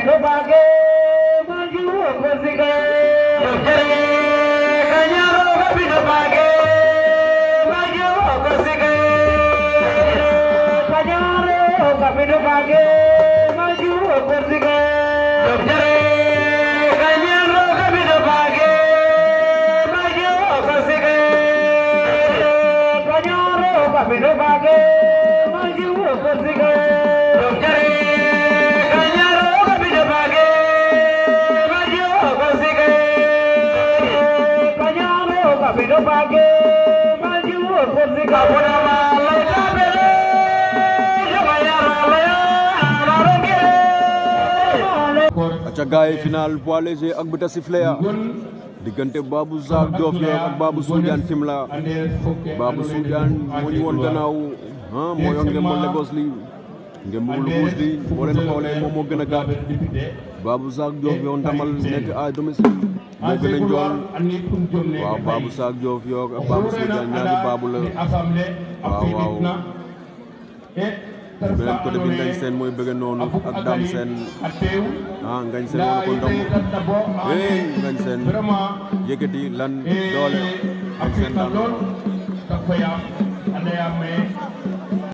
Sebagai baju bersihkan Dokter Kanya roga bisa pakai Baju bersihkan Kanya roga bisa pakai Baju bersihkan Dokter Kanya roga bisa pakai Baju bersihkan Kanya Kabino bage maji wo kosi kabona ma laita bere jamaya ralaya narongere acca gaay final poids léger ak bu ta sifflé ya diggante Babou Zac Diof Yoor ak Babou Soudiane Fimela Babou Soudiane moo ñu woon gannaaw ah moo yor ngeen mën Lagos li ngeen bëgg lu muus gën a gàtt moo gën a waaw baabu saak joof yoog ak baabu suujan ñaari baabu la waaw waaw beneen côté bi ngañ seen mooy bëgg noonu ak daam seen ah ngañ seen moo ko ndam eh ngañ seen yëkkati lan doole ak seen daal